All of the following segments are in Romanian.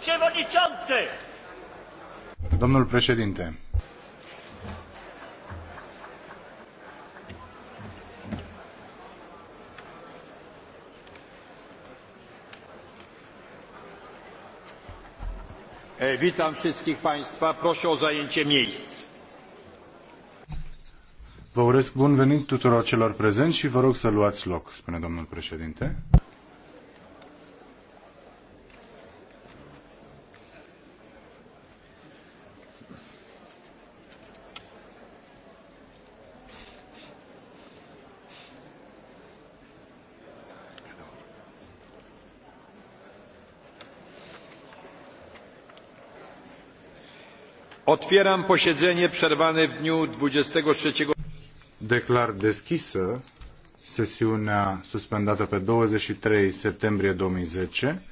przewodniczący! Domnul președinte. E, witam wszystkich Państwa. Proszę o zajęcie miejsc. Vă urez bun venit tuturor celor prezenți și vă rog să luați loc, spune domnul președinte. Otwieram posiedzenie przerwane w dniu 23. Declar deschisă sesiunea suspendată pe 23 septembrie 2010.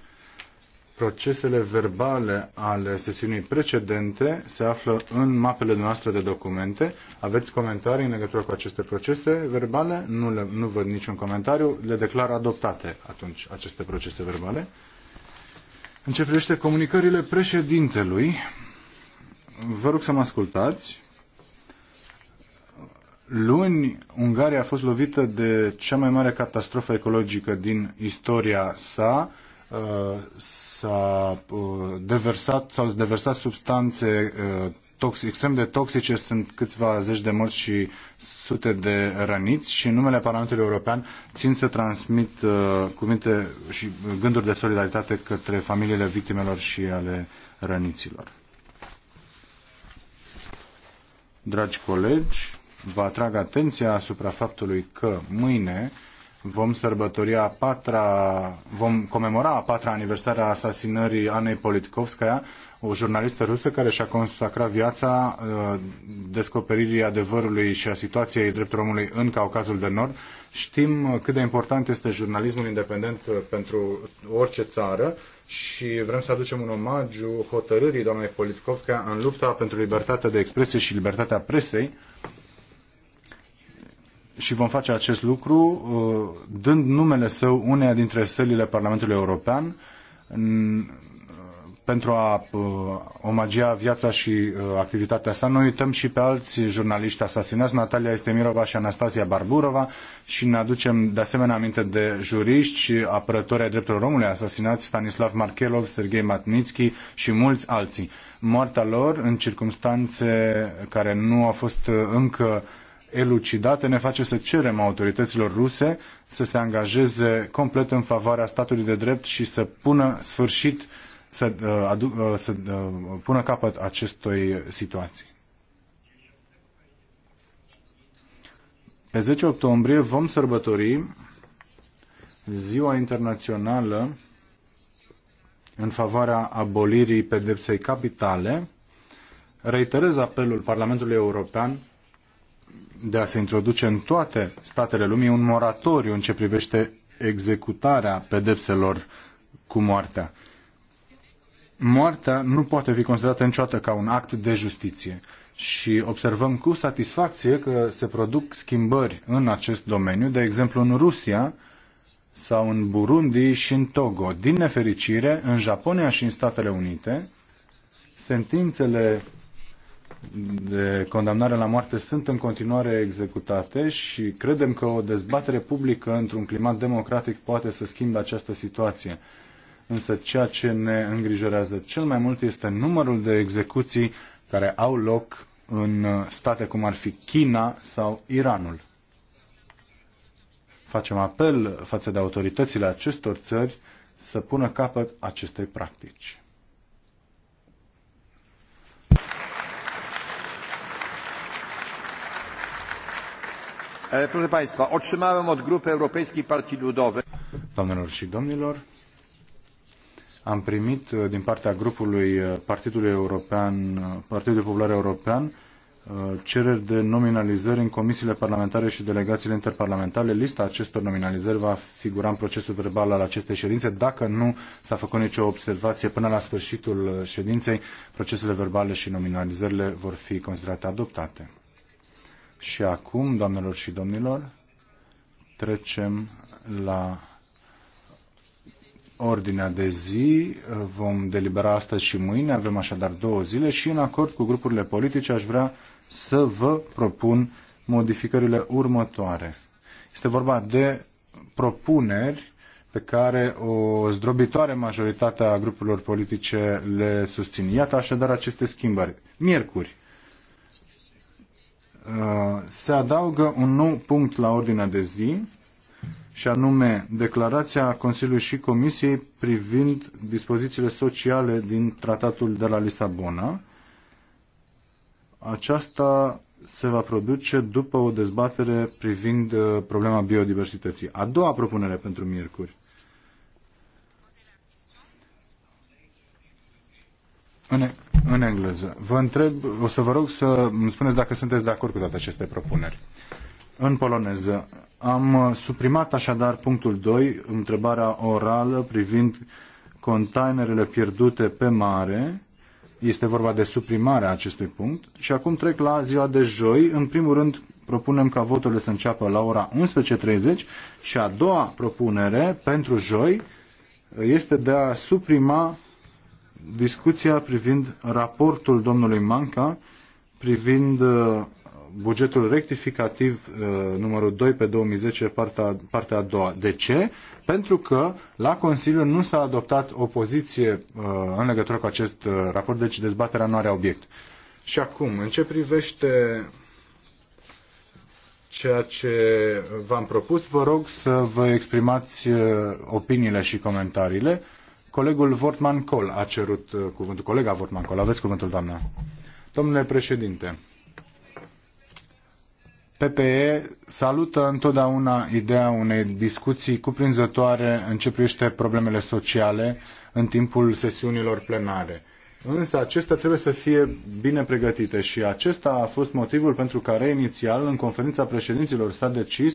Procesele verbale ale sesiunii precedente se află în mapele noastre de documente. Aveți comentarii în legătură cu aceste procese verbale? Nu, le, nu văd niciun comentariu. Le declar adoptate atunci aceste procese verbale. În ce privește comunicările președintelui, Vă rog să mă ascultați. Luni, Ungaria a fost lovită de cea mai mare catastrofă ecologică din istoria sa. Uh, s-a uh, deversat, s-au deversat substanțe uh, extrem de toxice, sunt câțiva zeci de morți și sute de răniți și în numele Parlamentului European țin să transmit cuvinte și gânduri de solidaritate către familiile victimelor și ale răniților dragi colegi, vă atrag atenția asupra faptului că mâine vom sărbători a patra, vom comemora a patra aniversare a asasinării Anei Politkovskaya, o jurnalistă rusă care și-a consacrat viața uh, descoperirii adevărului și a situației drepturilor omului în Caucazul de Nord. Știm uh, cât de important este jurnalismul independent uh, pentru orice țară și vrem să aducem un omagiu hotărârii doamnei Politkovskaya în lupta pentru libertatea de expresie și libertatea presei și vom face acest lucru uh, dând numele său uneia dintre sălile Parlamentului European uh, pentru a uh, omagia viața și activitatea sa. Noi uităm și pe alți jurnaliști asasinați, Natalia Estemirova și Anastasia Barburova și ne aducem de asemenea aminte de juriști și apărători ai drepturilor omului asasinați, Stanislav Markelov, Sergei Matnitski și mulți alții. Moartea lor în circunstanțe care nu au fost încă uh, elucidate ne face să cerem autorităților ruse să se angajeze complet în favoarea statului de drept și să pună sfârșit, să, uh, adu, uh, să uh, pună capăt acestui situații. Pe 10 octombrie vom sărbători Ziua Internațională în favoarea abolirii pedepsei capitale. Reiterez apelul Parlamentului European de a se introduce în toate statele lumii un moratoriu în ce privește executarea pedepselor cu moartea. Moartea nu poate fi considerată niciodată ca un act de justiție și observăm cu satisfacție că se produc schimbări în acest domeniu, de exemplu în Rusia sau în Burundi și în Togo. Din nefericire, în Japonia și în Statele Unite, sentințele de condamnare la moarte sunt în continuare executate și credem că o dezbatere publică într-un climat democratic poate să schimbe această situație. Însă ceea ce ne îngrijorează cel mai mult este numărul de execuții care au loc în state cum ar fi China sau Iranul. Facem apel față de autoritățile acestor țări să pună capăt acestei practici. Proszę Państwa, otrzymałem od Grupy Europejskiej Partii Ludowej. Doamnelor și domnilor, am primit din partea grupului Partidului European, Partidul Popular European, cereri de nominalizări în comisiile parlamentare și delegațiile interparlamentare. Lista acestor nominalizări va figura în procesul verbal al acestei ședințe. Dacă nu s-a făcut nicio observație până la sfârșitul ședinței, procesele verbale și nominalizările vor fi considerate adoptate. Și acum, doamnelor și domnilor, trecem la ordinea de zi. Vom delibera astăzi și mâine, avem așadar două zile și în acord cu grupurile politice aș vrea să vă propun modificările următoare. Este vorba de propuneri pe care o zdrobitoare majoritate a grupurilor politice le susțin. Iată așadar aceste schimbări. Miercuri, Uh, se adaugă un nou punct la ordinea de zi, și anume declarația Consiliului și Comisiei privind dispozițiile sociale din tratatul de la Lisabona. Aceasta se va produce după o dezbatere privind uh, problema biodiversității. A doua propunere pentru miercuri. În în engleză. Vă întreb, o să vă rog să îmi spuneți dacă sunteți de acord cu toate aceste propuneri. În poloneză am uh, suprimat așadar punctul 2, întrebarea orală privind containerele pierdute pe mare. Este vorba de suprimarea acestui punct. Și acum trec la ziua de joi. În primul rând, propunem ca voturile să înceapă la ora 11.30 și a doua propunere pentru joi este de a suprima discuția privind raportul domnului Manca privind uh, bugetul rectificativ uh, numărul 2 pe 2010, partea, partea a doua. De ce? Pentru că la Consiliu nu s-a adoptat o poziție uh, în legătură cu acest raport, deci dezbaterea nu are obiect. Și acum, în ce privește ceea ce v-am propus, vă rog să vă exprimați opiniile și comentariile. Colegul Vortman Col a cerut uh, cuvântul. Colega Vortman Col, aveți cuvântul, doamna. Domnule președinte, PPE salută întotdeauna ideea unei discuții cuprinzătoare în ce privește problemele sociale în timpul sesiunilor plenare. Însă acestea trebuie să fie bine pregătite și acesta a fost motivul pentru care inițial în conferința președinților s-a decis